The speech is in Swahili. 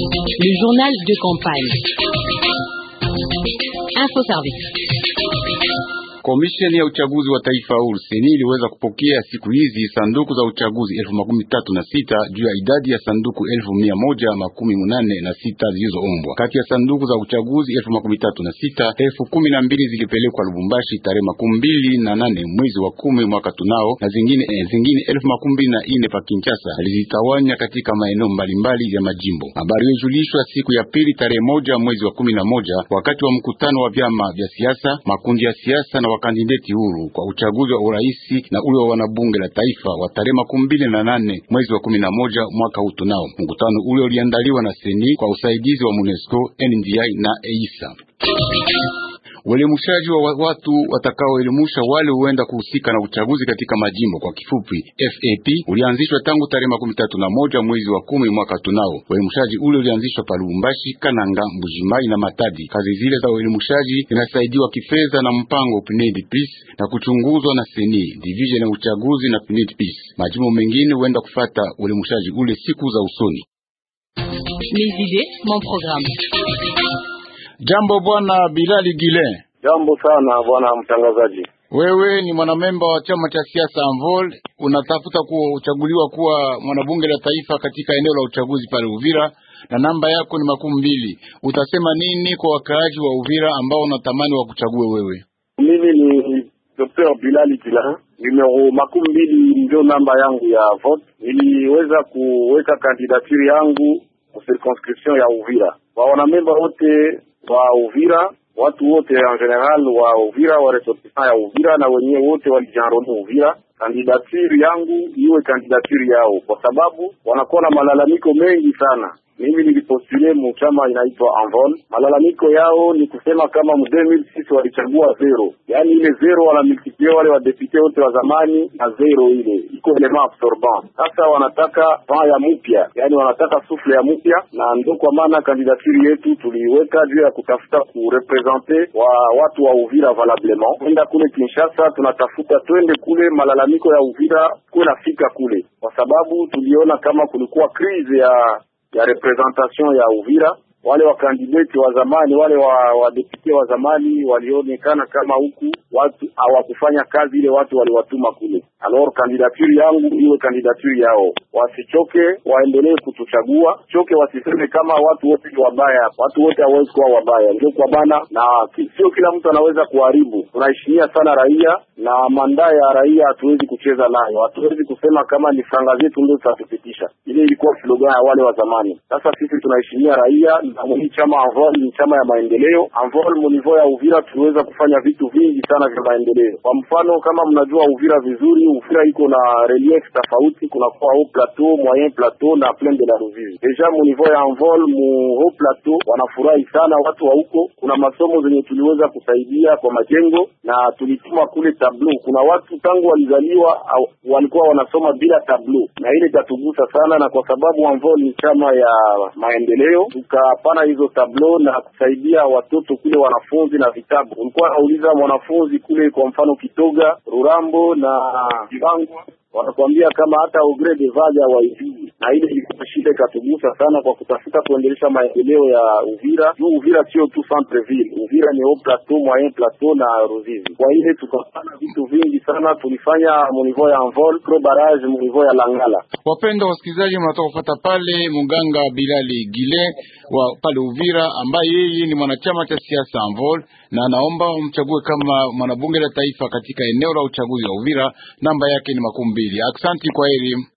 Le journal de campagne. Info service. Komisheni ya uchaguzi wa taifa Seni iliweza kupokea siku hizi sanduku za uchaguzi elfu makumi tatu na sita juu ya idadi ya sanduku elfu mia moja makumi munane na sita zilizoombwa. Kati ya sanduku za uchaguzi elfu makumi tatu na sita elfu kumi na mbili zilipelekwa Lubumbashi tarehe makumi mbili na nane mwezi wa kumi mwaka tunao, na zingine eh, zingine elfu makumi mbili na ine pa Kinshasa lizitawanya katika maeneo mbalimbali ya majimbo. Habari ilijulishwa siku ya pili tarehe moja mwezi wa kumi na moja wakati wa mkutano wa vyama vya siasa makundi ya siasa na wakandideti huru kwa uchaguzi wa uraisi na ule wa wanabunge la taifa wa tarehe makumi mbili na nane mwezi wa kumi na moja mwaka huu. Tunao mkutano ule uliandaliwa na seni kwa usaidizi wa MONUSCO, NDI na EISA uelimushaji wa watu watakaoelimusha wale huenda kuhusika na uchaguzi katika majimbo, kwa kifupi FAP, ulianzishwa tangu tarehe makumi tatu na moja mwezi wa kumi mwaka tunao. Uelimushaji ule ulianzishwa pa Lubumbashi, Kananga, Mbujimai na Matadi. Kazi zile za uelimushaji zinasaidiwa kifedha na mpango PNED Peace na kuchunguzwa na Seni Division ya uchaguzi na PNED Peace. Majimbo mengine huenda kufata uelimushaji ule siku za usoni. Les idées, mon programme. Jambo bwana Bilali Gile. Jambo sana bwana mtangazaji. Wewe ni mwanamemba wa chama cha siasa Amvol, unatafuta kuchaguliwa kuwa mwanabunge la taifa katika eneo la uchaguzi pale Uvira na namba yako ni makumi mbili. Utasema nini kwa wakaaji wa Uvira ambao unatamani wa kuchague wewe? Mimi ni Dr. Bilali Gile, numero makumi mbili ndio namba yangu ya vote. Niliweza kuweka kandidaturi yangu ku circonscription ya Uvira Wa wanamemba wote wa Uvira, watu wote en general wa Uvira, wa resortisan ya Uvira na wenyewe wote walijanroni Uvira kandidatiri yangu iwe kandidatiri yao, kwa sababu wanakuwa na malalamiko mengi sana mimi nilipostule mu chama inaitwa Anvol. Malalamiko yao ni kusema kama mu 2006 walichagua zero, yaani ile zero wanamultiplie wale wadepute wote wa zamani na zero ile iko element absorbant. Sasa wanataka pan ya mpya, yaani wanataka sufle ya mpya, na ndo kwa maana kandidaturi yetu tuliweka juu ya kutafuta kurepresente wa watu wa Uvira valablement. Kwenda kule Kinshasa tunatafuta twende kule, malalamiko ya Uvira kunafika kule, kwa sababu tuliona kama kulikuwa krizi ya ya representation ya Uvira wale wakandideti wa zamani wale wa wa, wa zamani walionekana kama huku watu hawakufanya kazi ile watu waliwatuma kule. Alors kandidaturi yangu iwe kandidaturi yao, wasichoke, waendelee kutuchagua choke, wasiseme kama watu wote ni wabaya. Watu wote hawawezi kuwa wabaya, ndio kwa bana, na sio kila mtu anaweza kuharibu. Tunaheshimia sana raia na mandaa ya raia hatuwezi kucheza nayo, hatuwezi kusema kama ni franga zetu ndio zitatupitisha ile ilikuwa slogan ya wale wa zamani. Sasa sisi tunaheshimia raia na hii chama Anvol ni chama ya maendeleo. Anvol munivou ya Uvira tuliweza kufanya vitu vingi sana vya maendeleo. Kwa mfano, kama mnajua Uvira vizuri, Uvira iko na relief tofauti, kuna kwa haut plateau, moyen plateau na plein de la Ruzizi. Deja munivou ya Anvol mu haut plateau wanafurahi sana watu wa huko. Kuna masomo zenye tuliweza kusaidia kwa majengo na tulituma kule tableau. Kuna watu tangu walizaliwa walikuwa wanasoma bila tableau, na ile tatugusa sana sana kwa sababu Anvol ni chama ya maendeleo, tukapana hizo tablo na kusaidia watoto kule, wanafunzi na vitabu. Ulikuwa nauliza mwanafunzi kule, kwa mfano Kitoga, Rurambo na Kibangwa, wanakuambia kama hata ogrede vaja waivii na ile shida ikatugusa sana kwa kutafuta kuendelesha maendeleo ya Uvira juu Uvira sio tu centre ville, Uvira ni au plateau, moyen plateau na Ruzizi. Kwa ile tukafana vitu vingi sana, tulifanya munivo ya Envol pro barrage, munivo ya Langala. Wapendwa wasikilizaji, mnataka kufata pale muganga Bilali Gile wa pale Uvira, ambaye yeye ni mwanachama cha siasa Anvol na anaomba umchague kama mwanabunge la taifa katika eneo la uchaguzi wa Uvira. Namba yake ni makumi mbili. Aksanti, kwa heri.